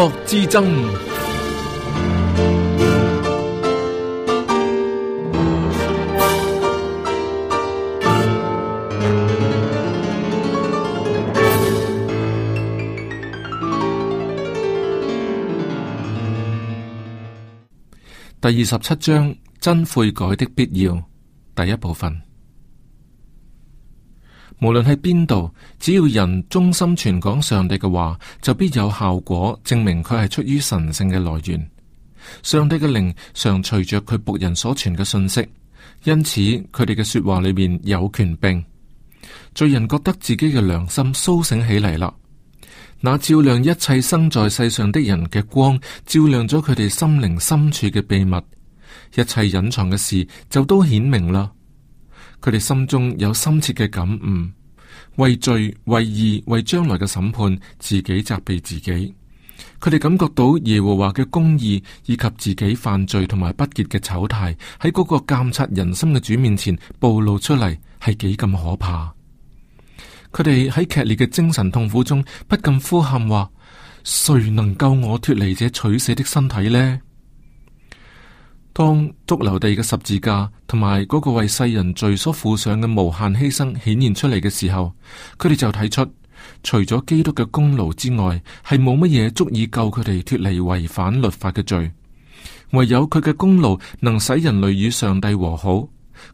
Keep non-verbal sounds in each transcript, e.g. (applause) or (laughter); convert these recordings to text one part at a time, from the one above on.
國之爭，第二十七章，真悔改的必要，第一部分。無論喺邊度，只要人忠心傳講上帝嘅話，就必有效果，證明佢係出於神聖嘅來源。上帝嘅靈常隨着佢僕人所傳嘅信息，因此佢哋嘅說話裏面有權柄，罪人覺得自己嘅良心蘇醒起嚟啦。那照亮一切生在世上的人嘅光，照亮咗佢哋心靈深處嘅秘密，一切隱藏嘅事就都顯明啦。佢哋心中有深切嘅感悟。為罪、為義、為將來嘅審判，自己責備自己。佢哋感覺到耶和華嘅公義，以及自己犯罪同埋不潔嘅醜態，喺嗰個鑒察人心嘅主面前暴露出嚟，係幾咁可怕。佢哋喺劇烈嘅精神痛苦中，不禁呼喊話：誰能救我脱離這取死的身體呢？當髑髏地嘅十字架同埋嗰個為世人罪所付上嘅無限犧牲顯現出嚟嘅時候，佢哋就睇出除咗基督嘅功勞之外，係冇乜嘢足以救佢哋脱離違反律法嘅罪。唯有佢嘅功勞能使人類與上帝和好。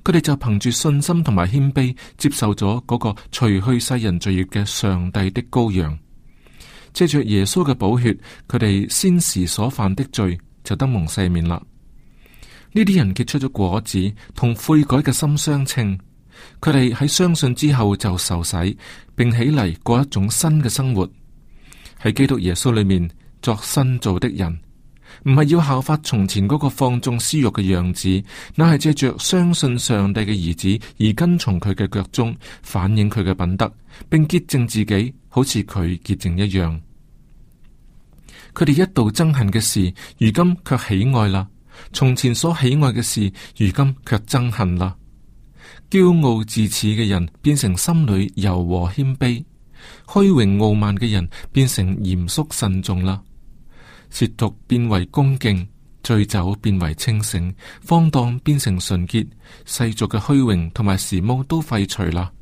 佢哋就憑住信心同埋謙卑接受咗嗰個除去世人罪孽嘅上帝的羔羊，借着耶穌嘅寶血，佢哋先時所犯的罪就得蒙赦免啦。呢啲人結出咗果子，同悔改嘅心相稱。佢哋喺相信之後就受洗，並起嚟，過一種新嘅生活，喺基督耶穌裏面作新造的人。唔係要效法從前嗰個放縱私慾嘅樣子，那係借着相信上帝嘅兒子而跟從佢嘅腳蹤，反映佢嘅品德，並潔淨自己，好似佢潔淨一樣。佢哋一度憎恨嘅事，如今卻喜愛啦。從前所喜愛嘅事，如今卻憎恨啦。驕傲自恃嘅人，變成心裏柔和謙卑；虛榮傲慢嘅人，變成嚴肅慎重啦。褻瀆變為恭敬，醉酒變為清醒，放蕩變成純潔。世俗嘅虛榮同埋時髦都廢除啦。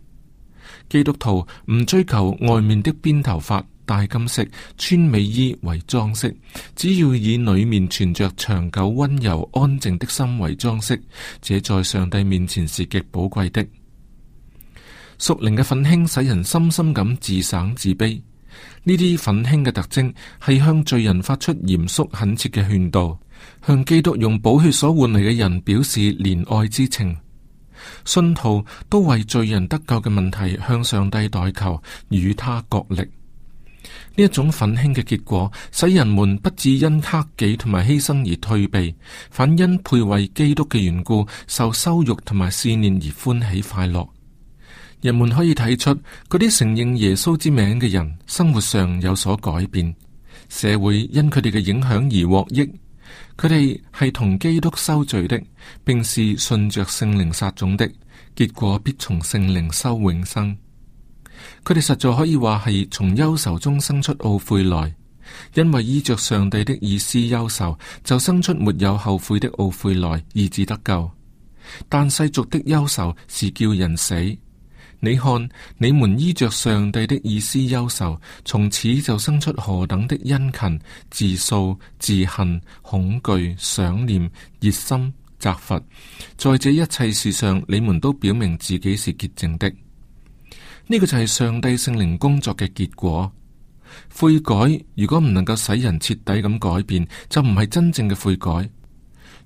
基督徒唔追求外面的編頭髮。戴金色穿美衣為裝飾，只要以裏面存着長久溫柔安靜的心為裝飾，這在上帝面前是極寶貴的。屬靈嘅奮興使人深深咁自省自卑。呢啲奮興嘅特徵係向罪人發出嚴肅懇切嘅勸導，向基督用寶血所換嚟嘅人表示憐愛之情，信徒都為罪人得救嘅問題向上帝代求，與他角力。呢一種憤興嘅結果，使人們不只因克己同埋犧牲而退避，反因配為基督嘅緣故，受羞辱同埋思念而歡喜快樂。人們可以睇出，嗰啲承認耶穌之名嘅人，生活上有所改變，社會因佢哋嘅影響而獲益。佢哋係同基督受罪的，並是順着聖靈撒種的，結果必從聖靈收永生。佢哋實在可以話係從憂愁中生出懊悔來，因為依着上帝的意思憂愁，就生出沒有後悔的懊悔來，以致得救。但世俗的憂愁是叫人死。你看，你們依着上帝的意思憂愁，從此就生出何等的殷勤、自訴、自恨、恐懼、想念、熱心、責罰，在這一切事上，你們都表明自己是潔淨的。呢個就係上帝聖靈工作嘅結果。悔改如果唔能夠使人徹底咁改變，就唔係真正嘅悔改。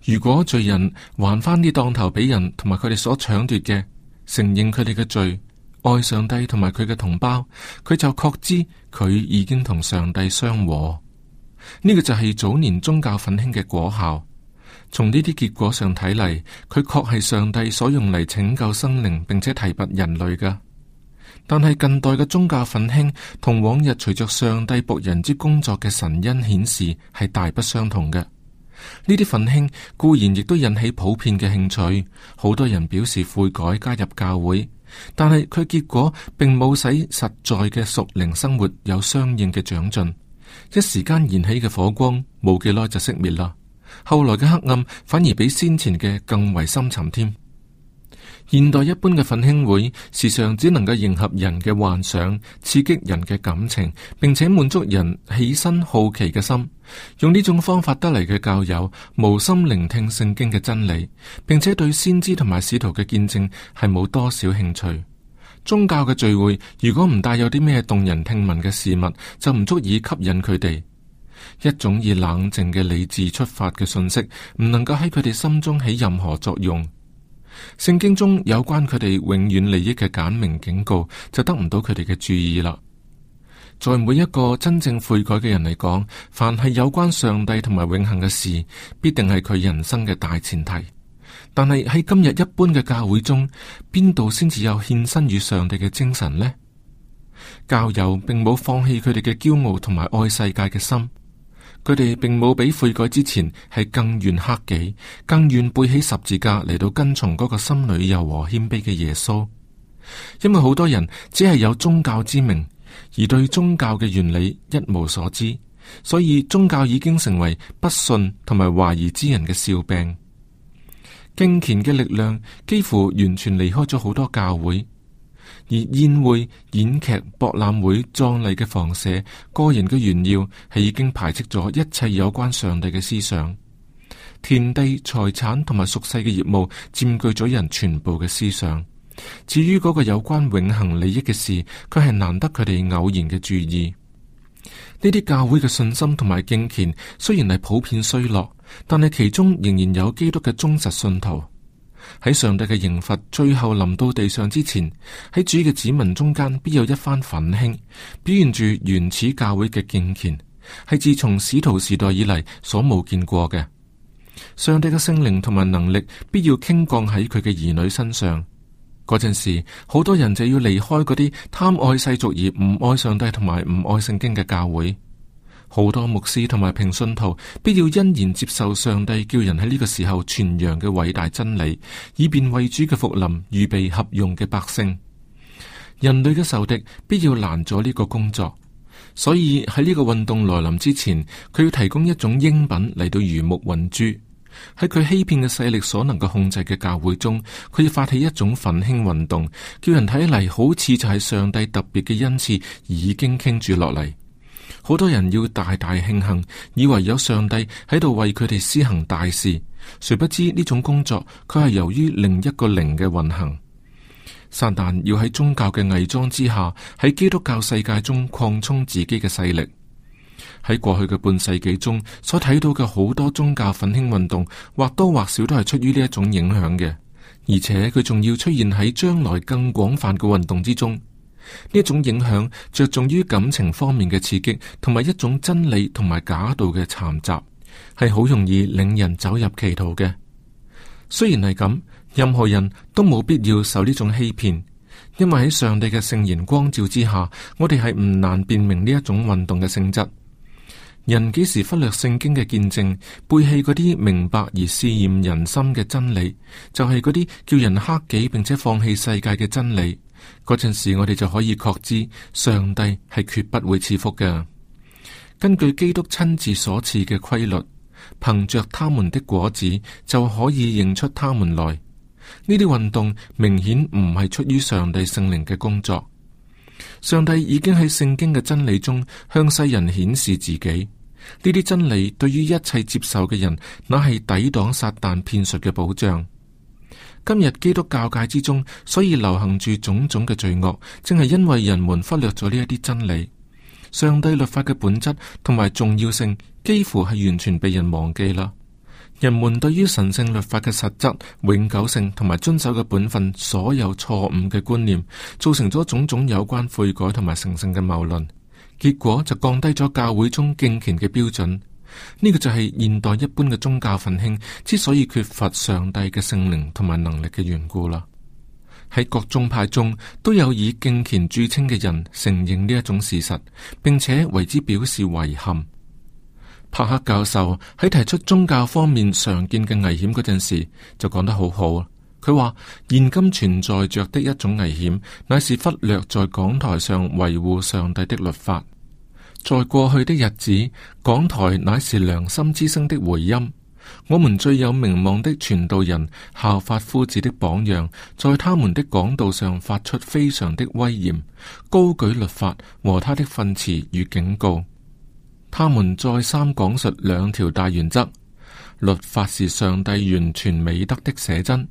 如果罪人還翻啲當頭俾人同埋佢哋所搶奪嘅，承認佢哋嘅罪，愛上帝同埋佢嘅同胞，佢就確知佢已經同上帝相和。呢個就係早年宗教奮興嘅果效。從呢啲結果上睇嚟，佢確係上帝所用嚟拯救生靈並且提拔人類嘅。但係近代嘅宗教奮興同往日隨着上帝僕人之工作嘅神恩顯示係大不相同嘅。呢啲奮興固然亦都引起普遍嘅興趣，好多人表示悔改加入教會，但係佢結果並冇使實在嘅屬靈生活有相應嘅長進。一時間燃起嘅火光冇幾耐就熄滅啦，後來嘅黑暗反而比先前嘅更為深沉添。現代一般嘅奮興會，時常只能夠迎合人嘅幻想，刺激人嘅感情，並且滿足人起身好奇嘅心。用呢種方法得嚟嘅教友，無心聆聽聖經嘅真理，並且對先知同埋使徒嘅見證係冇多少興趣。宗教嘅聚會，如果唔帶有啲咩動人聽聞嘅事物，就唔足以吸引佢哋。一種以冷靜嘅理智出發嘅信息，唔能夠喺佢哋心中起任何作用。聖經中有關佢哋永遠利益嘅簡明警告，就得唔到佢哋嘅注意啦。在每一個真正悔改嘅人嚟講，凡係有關上帝同埋永恒嘅事，必定係佢人生嘅大前提。但係喺今日一般嘅教會中，邊度先至有獻身於上帝嘅精神呢？教友並冇放棄佢哋嘅驕傲同埋愛世界嘅心。佢哋並冇比悔改之前係更願克己，更願背起十字架嚟到跟從嗰個心裏柔和謙卑嘅耶穌。因為好多人只係有宗教之名，而對宗教嘅原理一無所知，所以宗教已經成為不信同埋懷疑之人嘅笑柄。敬虔嘅力量幾乎完全離開咗好多教會。而宴會、演劇、博覽會、壯麗嘅房舍、個人嘅炫耀，係已經排斥咗一切有關上帝嘅思想。田地、財產同埋熟悉嘅業務，佔據咗人全部嘅思想。至於嗰個有關永恆利益嘅事，佢係難得佢哋偶然嘅注意。呢啲教會嘅信心同埋敬虔，雖然係普遍衰落，但係其中仍然有基督嘅忠實信徒。喺上帝嘅刑罰最後臨到地上之前，喺主嘅子民中間必有一番憤興，表現住原始教會嘅敬虔，係自從使徒時代以嚟所冇見過嘅。上帝嘅聖靈同埋能力必要傾降喺佢嘅兒女身上。嗰陣時，好多人就要離開嗰啲貪愛世俗而唔愛上帝同埋唔愛聖經嘅教會。好多牧師同埋平信徒，必要欣然接受上帝叫人喺呢個時候傳揚嘅偉大真理，以便為主嘅復臨預備合用嘅百姓。人類嘅仇敵必要攔阻呢個工作，所以喺呢個運動來臨之前，佢要提供一種贗品嚟到魚目混珠。喺佢欺騙嘅勢力所能夠控制嘅教會中，佢要發起一種奮興運動，叫人睇嚟好似就係上帝特別嘅恩賜已經傾住落嚟。好多人要大大慶幸，以為有上帝喺度為佢哋施行大事，誰不知呢種工作佢係由於另一個靈嘅運行。撒旦要喺宗教嘅偽裝之下，喺基督教世界中擴充自己嘅勢力。喺過去嘅半世紀中，所睇到嘅好多宗教奮興運動，或多或少都係出於呢一種影響嘅，而且佢仲要出現喺將來更廣泛嘅運動之中。呢一種影響着重於感情方面嘅刺激，同埋一種真理同埋假道嘅殘雜，係好容易令人走入歧途嘅。雖然係咁，任何人都冇必要受呢種欺騙，因為喺上帝嘅聖言光照之下，我哋係唔難辨明呢一種運動嘅性質。人幾時忽略聖經嘅見證，背棄嗰啲明白而試驗人心嘅真理，就係嗰啲叫人克己並且放棄世界嘅真理，嗰陣時，我哋就可以確知上帝係決不會賜福嘅。根據基督親自所賜嘅規律，憑着他們的果子就可以認出他們來。呢啲運動明顯唔係出於上帝聖靈嘅工作。上帝已經喺聖經嘅真理中向世人顯示自己。呢啲真理對於一切接受嘅人，那係抵擋撒但騙術嘅保障。今日基督教界之中，所以流行住種種嘅罪惡，正係因為人們忽略咗呢一啲真理。上帝律法嘅本質同埋重要性，幾乎係完全被人忘記啦。人們對於神聖律法嘅實質、永久性同埋遵守嘅本分，所有錯誤嘅觀念，造成咗種種有關悔改同埋成聖嘅謬論。結果就降低咗教會中敬虔嘅標準，呢個就係現代一般嘅宗教奮興之所以缺乏上帝嘅聖靈同埋能力嘅緣故啦。喺各宗派中都有以敬虔著稱嘅人承認呢一種事實，並且為之表示遺憾。帕克教授喺提出宗教方面常見嘅危險嗰陣時，就講得好好。佢話：現今存在着的一種危險，乃是忽略在講台上維護上帝的律法。在過去的日子，講台乃是良心之聲的回音。我們最有名望的傳道人，效法夫子的榜樣，在他們的講道上發出非常的威嚴，高舉律法和他的訓詞與警告。他們再三講述兩條大原則：律法是上帝完全美德的寫真。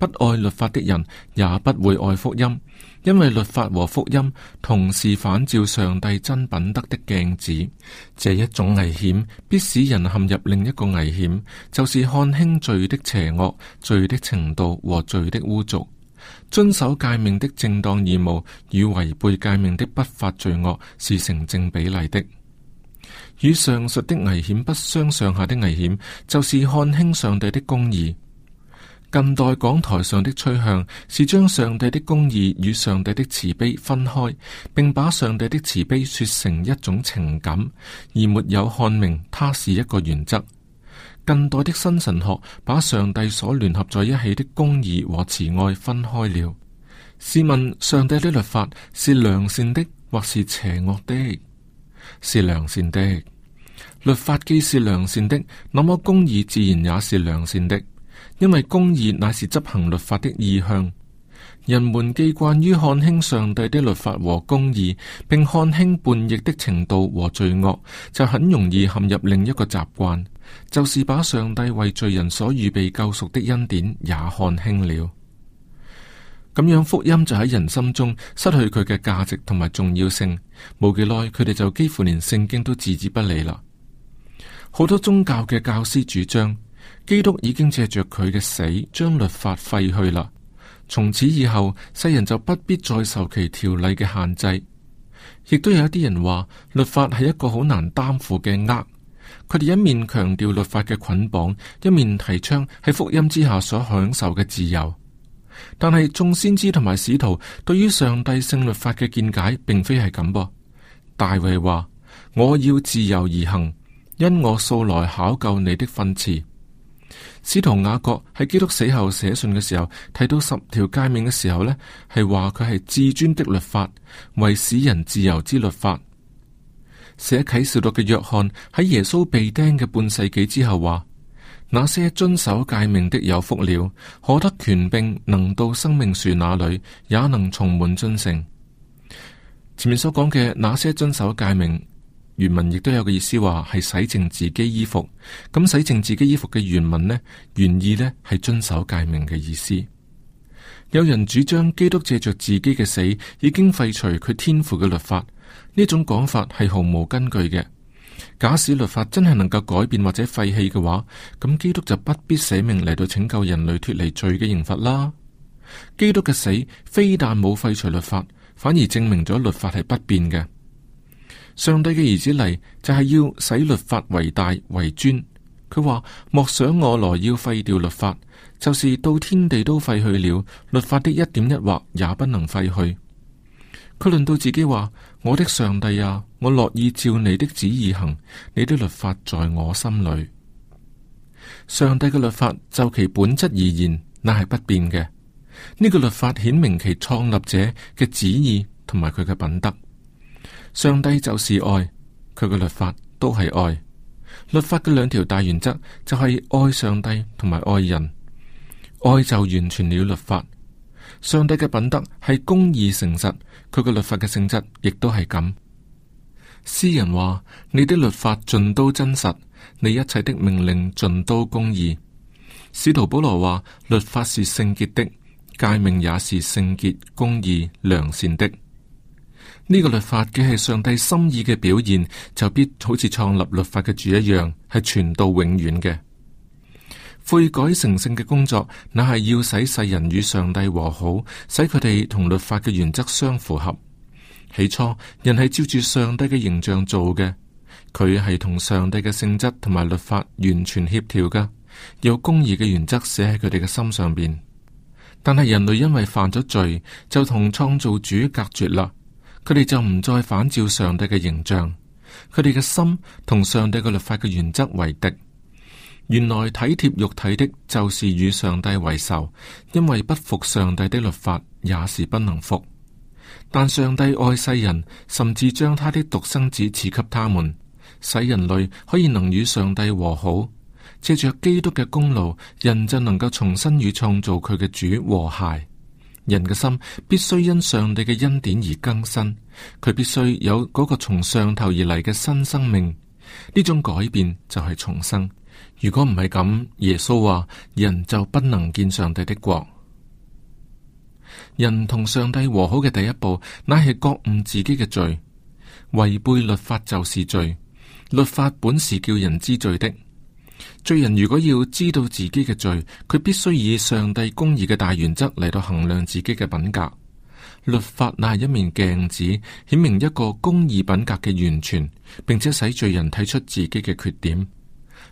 不愛律法的人也不會愛福音，因為律法和福音同是反照上帝真品德的鏡子。這一種危險必使人陷入另一個危險，就是看輕罪的邪惡、罪的程度和罪的污濁。遵守誡命的正當義務與違背誡命的不法罪惡是成正比例的。與上述的危險不相上下的危險，就是看輕上帝的公義。近代講台上的趨向是將上帝的公義與上帝的慈悲分開，並把上帝的慈悲說成一種情感，而沒有看明它是一個原則。近代的新神學把上帝所聯合在一起的公義和慈愛分開了。試問上帝的律法是良善的，或是邪惡的？是良善的。律法既是良善的，那麼公義自然也是良善的。因為公義乃是執行律法的意向，人們既慣於看輕上帝的律法和公義，並看輕叛逆的程度和罪惡，就很容易陷入另一個習慣，就是把上帝為罪人所預備救贖的恩典也看輕了。咁樣福音就喺人心中失去佢嘅價值同埋重要性。冇幾耐，佢哋就幾乎連聖經都置之不理啦。好多宗教嘅教師主張。基督已經借着佢嘅死，將律法廢去啦。從此以後，世人就不必再受其條例嘅限制。亦都有一啲人話，律法係一個好難擔負嘅軛。佢哋一面強調律法嘅捆綁，一面提倡喺福音之下所享受嘅自由。但係眾先知同埋使徒對於上帝聖律法嘅見解，並非係咁噃。大衛話：我要自由而行，因我素來考究你的訓詞。司徒雅各喺基督死後寫信嘅時候，提到十條誡命嘅時候呢係話佢係至尊的律法，為使人自由之律法。寫啟示錄嘅約翰喺耶穌被釘嘅半世紀之後話：那些遵守誡命的有福了，可得權柄，能到生命樹那裏，也能充滿尊盛。前面所講嘅那些遵守誡命。原文亦都有個意思，話係洗淨自己衣服。咁洗淨自己衣服嘅原文呢，原意呢係遵守誡命嘅意思。有人主張基督借着自己嘅死已經廢除佢天賦嘅律法，呢種講法係毫無根據嘅。假使律法真係能夠改變或者廢棄嘅話，咁基督就不必捨命嚟到拯救人類脱離罪嘅刑罰啦。基督嘅死非但冇廢除律法，反而證明咗律法係不變嘅。上帝嘅兒子嚟就係、是、要使律法為大為尊。佢話：莫想我來要廢掉律法，就是到天地都廢去了，律法的一點一畫也不能廢去。佢論到自己話：我的上帝啊，我樂意照你的旨意行，你的律法在我心裏。上帝嘅律法就其本質而言，那係不變嘅。呢、這個律法顯明其創立者嘅旨意同埋佢嘅品德。上帝就是愛，佢個律法都係愛。律法嘅兩條大原則就係愛上帝同埋愛人，愛就完全了律法。上帝嘅品德係公義誠實，佢個律法嘅性質亦都係咁。詩人話：你啲律法盡都真實，你一切的命令盡都公義。使徒保羅話：律法是聖潔的，誡命也是聖潔、公義、良善的。呢個律法既係上帝心意嘅表現，就必好似創立律法嘅主一樣，係傳到永遠嘅悔改、成聖嘅工作，那係要使世人與上帝和好，使佢哋同律法嘅原則相符合。起初，人係照住上帝嘅形象做嘅，佢係同上帝嘅性質同埋律法完全協調噶，有公義嘅原則寫喺佢哋嘅心上面。但係人類因為犯咗罪，就同創造主隔絕啦。佢哋就唔再反照上帝嘅形象，佢哋嘅心同上帝嘅律法嘅原則為敵。原來體貼肉體的，就是與上帝為仇，因為不服上帝的律法，也是不能服。但上帝愛世人，甚至將他的獨生子賜給他們，使人類可以能與上帝和好。借着基督嘅功勞，人就能夠重新與創造佢嘅主和諧。人嘅心必須因上帝嘅恩典而更新，佢必須有嗰個從上頭而嚟嘅新生命。呢種改變就係重生。如果唔係咁，耶穌話人就不能見上帝的國。人同上帝和好嘅第一步，乃係覺悟自己嘅罪，違背律法就是罪。律法本是叫人知罪的。罪人如果要知道自己嘅罪，佢必須以上帝公義嘅大原則嚟到衡量自己嘅品格。律法乃係一面鏡子，顯明一個公義品格嘅完全，並且使罪人睇出自己嘅缺點。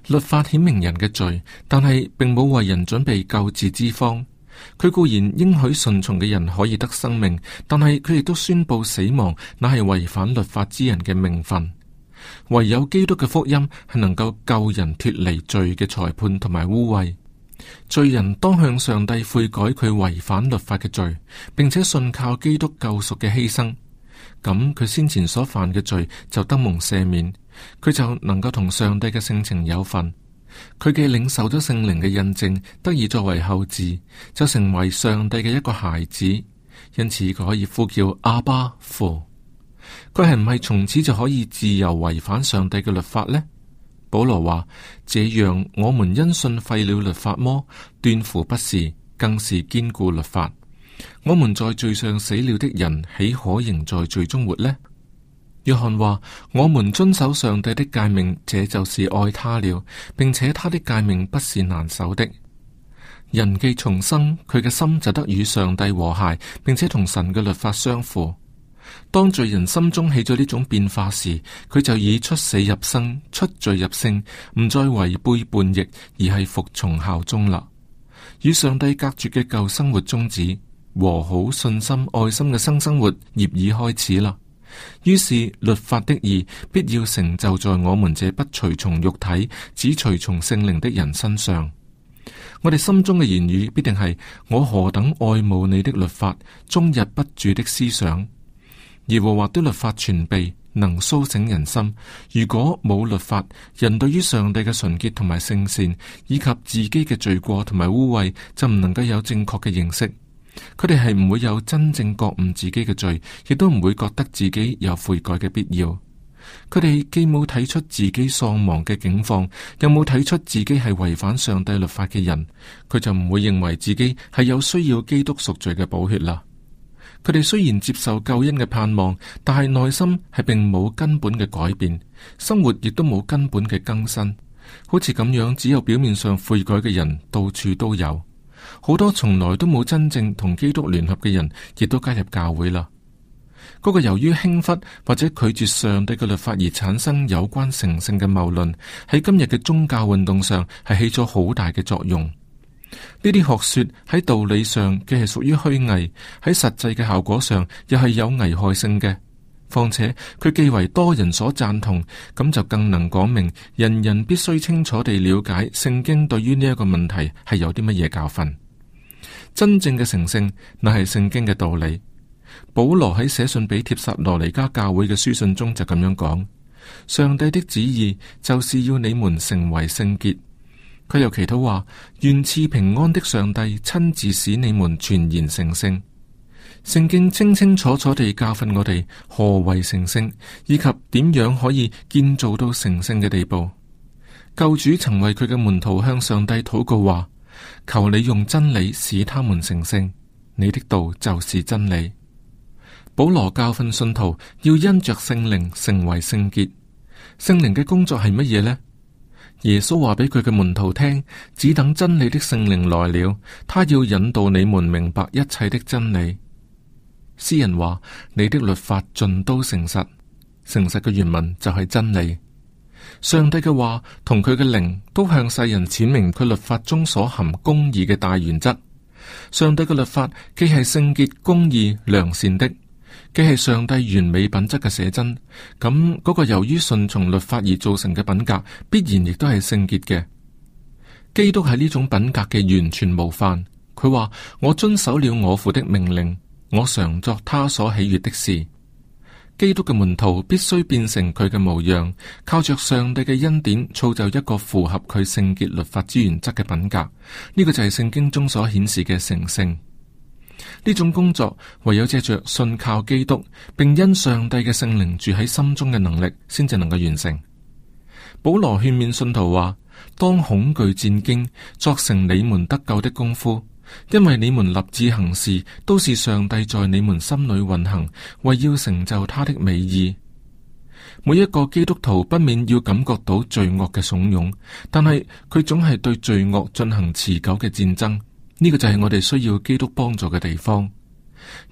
律法顯明人嘅罪，但係並冇為人準備救治之方。佢固然應許順從嘅人可以得生命，但係佢亦都宣布死亡，乃係違反律法之人嘅命分。唯有基督嘅福音係能夠救人脫離罪嘅裁判同埋污穢，罪人當向上帝悔改佢違反律法嘅罪，並且信靠基督救贖嘅犧牲，咁佢先前所犯嘅罪就得蒙赦免，佢就能夠同上帝嘅性情有份，佢既領受咗聖靈嘅印證，得以作為後嗣，就成為上帝嘅一個孩子，因此佢可以呼叫阿爸父。佢係唔係從此就可以自由違反上帝嘅律法呢？保羅話：這樣我們因信廢了律法麼？斷乎不是，更是堅固律法。我們在罪上死了的人，豈可仍在罪中活呢？約翰話：我們遵守上帝的誡命，這就是愛他了，並且他的誡命不是難守的。人既重生，佢嘅心就得與上帝和諧，並且同神嘅律法相符。當罪人心中起咗呢種變化時，佢就已出死入生、出罪入聖，唔再違背叛逆，而係服從效忠啦。與上帝隔絕嘅舊生活終止，和好信心愛心嘅新生，生活業已開始啦。於是律法的義必要成就在我們這不隨從肉體，只隨從聖靈的人身上。我哋心中嘅言語必定係我何等愛慕你的律法，終日不住的思想。而耶和華的律法全備，能蘇醒人心。如果冇律法，人對於上帝嘅純潔同埋聖善，以及自己嘅罪過同埋污穢，就唔能夠有正確嘅認識。佢哋係唔會有真正覺悟自己嘅罪，亦都唔會覺得自己有悔改嘅必要。佢哋既冇睇出自己喪亡嘅境況，又冇睇出自己係違反上帝律法嘅人，佢就唔會認為自己係有需要基督贖罪嘅寶血啦。佢哋雖然接受救恩嘅盼望，但係內心係並冇根本嘅改變，生活亦都冇根本嘅更新。好似咁樣，只有表面上悔改嘅人到處都有，好多從來都冇真正同基督聯合嘅人，亦都加入教會啦。嗰個由於輕忽或者拒絕上帝嘅律法而產生有關成聖嘅謬論，喺今日嘅宗教運動上係起咗好大嘅作用。呢啲學說喺道理上既係屬於虛偽，喺實際嘅效果上又係有危害性嘅。況且佢既為多人所讚同，咁就更能講明人人必須清楚地了解聖經對於呢一個問題係有啲乜嘢教訓。真正嘅成聖，乃係聖經嘅道理。保羅喺寫信俾帖撒羅尼加教會嘅書信中就咁樣講：上帝的旨意就是要你們成為聖潔。佢又祈禱話：願賜平安的上帝親自使你們全然成聖。聖經清清楚楚地教訓我哋何為成聖，以及點樣可以建造到成聖嘅地步。救主曾為佢嘅門徒向上帝禱告話：求你用真理使他們成聖。你的道就是真理。保羅教訓信徒要因着聖靈成為聖潔。聖靈嘅工作係乜嘢呢？」耶穌話俾佢嘅門徒聽，只等真理的聖靈來了，他要引導你們明白一切的真理。詩人話：你的律法盡都誠實，誠實嘅原文就係真理。上帝嘅話同佢嘅靈都向世人闡明佢律法中所含公義嘅大原則。上帝嘅律法既係聖潔、公義、良善的。既係上帝完美品質嘅寫真，咁嗰、那個由於順從律法而造成嘅品格，必然亦都係聖潔嘅。基督係呢種品格嘅完全模範。佢話：我遵守了我父的命令，我常作他所喜悅的事。基督嘅門徒必須變成佢嘅模樣，靠着上帝嘅恩典，造就一個符合佢聖潔律法之原則嘅品格。呢、這個就係聖經中所顯示嘅成聖。呢種工作唯有借着信靠基督，並因上帝嘅聖靈住喺心中嘅能力，先至能夠完成。保羅勸勉信徒話：當恐懼戰兢，作成你們得救的功夫，因為你們立志行事，都是上帝在你們心裏運行，為要成就他的美意。每一個基督徒不免要感覺到罪惡嘅慫恿，但係佢總係對罪惡進行持久嘅戰爭。呢個就係我哋需要基督幫助嘅地方。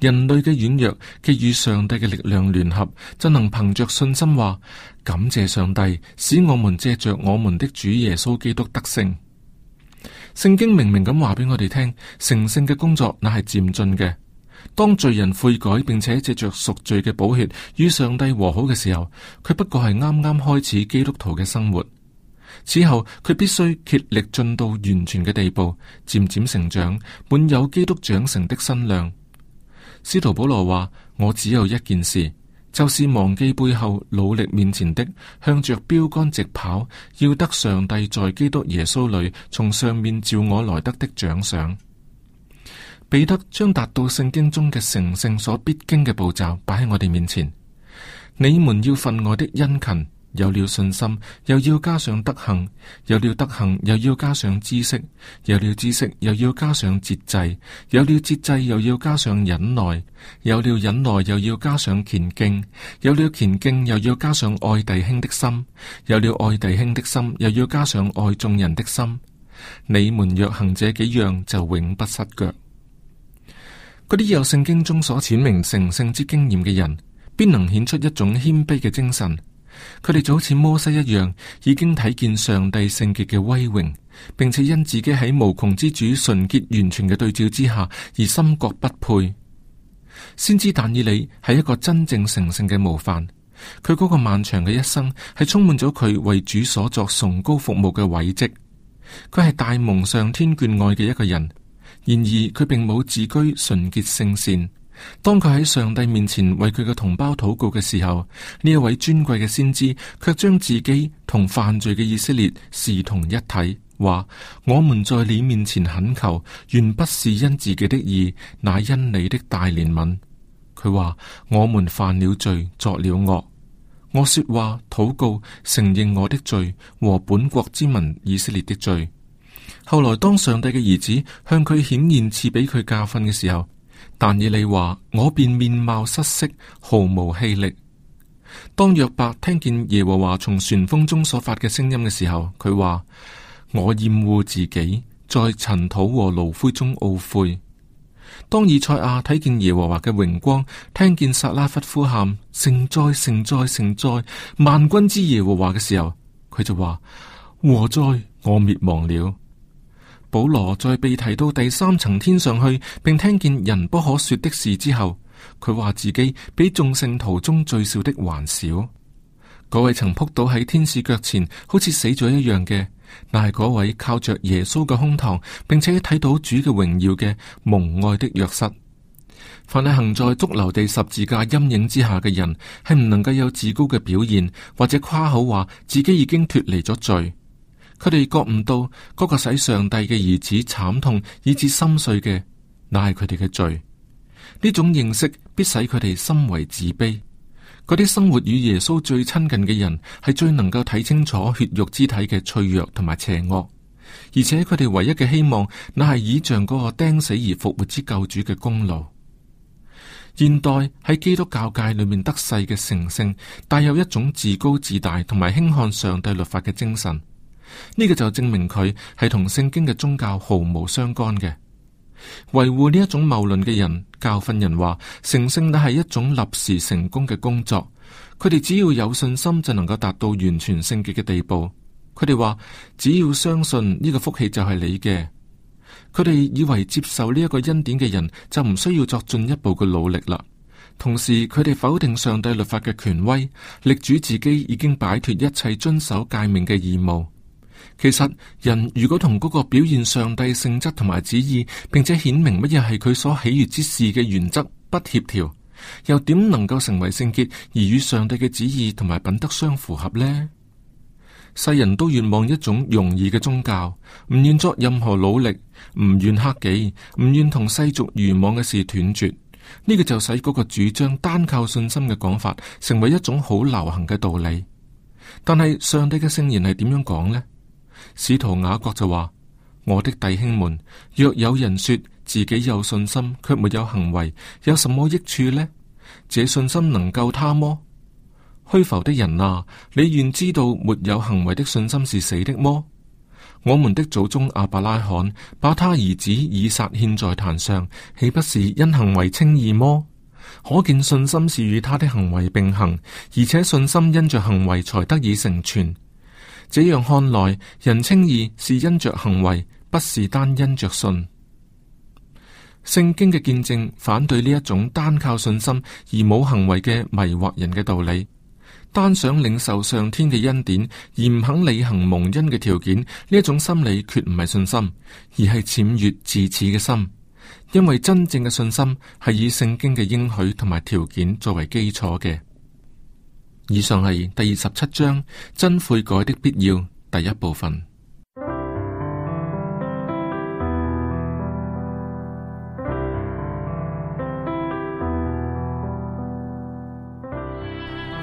人類嘅軟弱，既與上帝嘅力量聯合，就能憑着信心話感謝上帝，使我們借着我們的主耶穌基督得勝。聖經明明咁話俾我哋聽，成聖嘅工作乃係漸進嘅。當罪人悔改，並且借着贖罪嘅寶血與上帝和好嘅時候，佢不過係啱啱開始基督徒嘅生活。此後，佢必須竭力進到完全嘅地步，漸漸成長，滿有基督長成的身量。司徒保羅話：我只有一件事，就是忘記背後，努力面前的，向着標杆直跑，要得上帝在基督耶穌裏從上面召我來得的獎賞。彼得將達到聖經中嘅成聖所必經嘅步驟擺喺我哋面前，你們要分外的殷勤。有了信心，又要加上德行；有了德行，又要加上知識；有了知識，又要加上節制；有了節制，又要加上忍耐；有了忍耐，又要加上虔敬；有了虔敬，又要加上愛弟兄的心；有了愛弟兄的心，又要加上愛眾人的心。你們若行這幾樣，就永不失腳。嗰啲有聖經中所闡明成聖之經驗嘅人，必能顯出一種謙卑嘅精神。佢哋就好似摩西一樣，已經睇見上帝聖潔嘅威榮，並且因自己喺無窮之主純潔完全嘅對照之下而心覺不配。先知但以理係一個真正成聖嘅模範。佢嗰個漫長嘅一生係充滿咗佢為主所作崇高服務嘅偉績。佢係大蒙上天眷愛嘅一個人，然而佢並冇自居純潔聖善。當佢喺上帝面前為佢嘅同胞禱告嘅時候，呢一位尊貴嘅先知卻將自己同犯罪嘅以色列視同一體，話：我們在你面前懇求，原不是因自己的義，乃因你的大憐憫。佢話：我們犯了罪，作了惡。我說話禱告，承認我的罪和本國之民以色列的罪。後來當上帝嘅兒子向佢顯現賜俾佢教訓嘅時候。但以理話：我便面貌失色，毫無氣力。當約伯聽見耶和華從旋風中所發嘅聲音嘅時候，佢話：我厭惡自己，在塵土和爐灰中懊悔。當以賽亞睇見耶和華嘅榮光，聽見撒拉弗呼喊：聖哉，聖哉，聖哉,哉,哉,哉,哉,哉！萬軍之耶和華嘅時候，佢就話：禍哉，我滅亡了。保羅在被提到第三層天上去，並聽見人不可說的事之後，佢話自己比眾聖徒中最少的還少。嗰位曾撲倒喺天使腳前，好似死咗一樣嘅，但係嗰位靠着耶穌嘅胸膛，並且睇到主嘅榮耀嘅，蒙愛的約室。凡係行在足留地十字架陰影之下嘅人，係唔能夠有自高嘅表現，或者誇口話自己已經脫離咗罪。佢哋覺唔到嗰個使上帝嘅兒子慘痛以至心碎嘅，乃係佢哋嘅罪。呢種認識必使佢哋深為自卑。嗰啲生活與耶穌最親近嘅人，係最能夠睇清楚血肉之體嘅脆弱同埋邪惡。而且佢哋唯一嘅希望，乃係倚仗嗰個釘死而復活之救主嘅功勞。現代喺基督教界裏面得勢嘅成聖，帶有一種自高自大同埋輕看上帝律法嘅精神。呢個就證明佢係同聖經嘅宗教毫無相干嘅。維護呢一種謬論嘅人教訓人話：成聖乃係一種立時成功嘅工作。佢哋只要有信心就能夠達到完全聖潔嘅地步。佢哋話只要相信呢個福氣就係你嘅。佢哋以為接受呢一個恩典嘅人就唔需要作進一步嘅努力啦。同時佢哋否定上帝律法嘅權威，力主自己已經擺脫一切遵守誡命嘅義務。其實人如果同嗰個表現上帝性質同埋旨意，並且顯明乜嘢係佢所喜悦之事嘅原則不協調，又點能夠成為聖潔而與上帝嘅旨意同埋品德相符合呢？世人都願望一種容易嘅宗教，唔願作任何努力，唔願克己，唔願同世俗愚妄嘅事斷絕。呢、這個就使嗰個主張單靠信心嘅講法成為一種好流行嘅道理。但係上帝嘅聖言係點樣講呢？使徒雅各就話：我的弟兄們，若有人說自己有信心卻沒有行為，有什麼益處呢？這信心能救他麼？虛浮的人啊，你願知道沒有行為的信心是死的麼？我們的祖宗阿伯拉罕把他兒子以撒獻在壇上，豈不是因行為稱義麼？可見信心是與他的行為並行，而且信心因着行為才得以成全。這樣看來，人稱義是因着行為，不是單因着信。聖經嘅見證反對呢一種單靠信心而冇行為嘅迷惑人嘅道理。單想領受上天嘅恩典而唔肯履行蒙恩嘅條件，呢一種心理決唔係信心，而係僭越自恃嘅心。因為真正嘅信心係以聖經嘅應許同埋條件作為基礎嘅。以上係第二十七章真悔改的必要第一部分。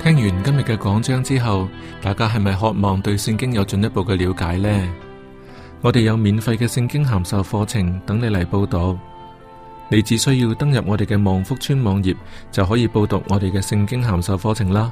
聽完今日嘅講章之後，大家係咪渴望對聖經有進一步嘅了解呢？ (noise) (noise) 我哋有免費嘅聖經函授課程等你嚟報讀。你只需要登入我哋嘅望福村網頁，就可以報讀我哋嘅聖經函授課程啦。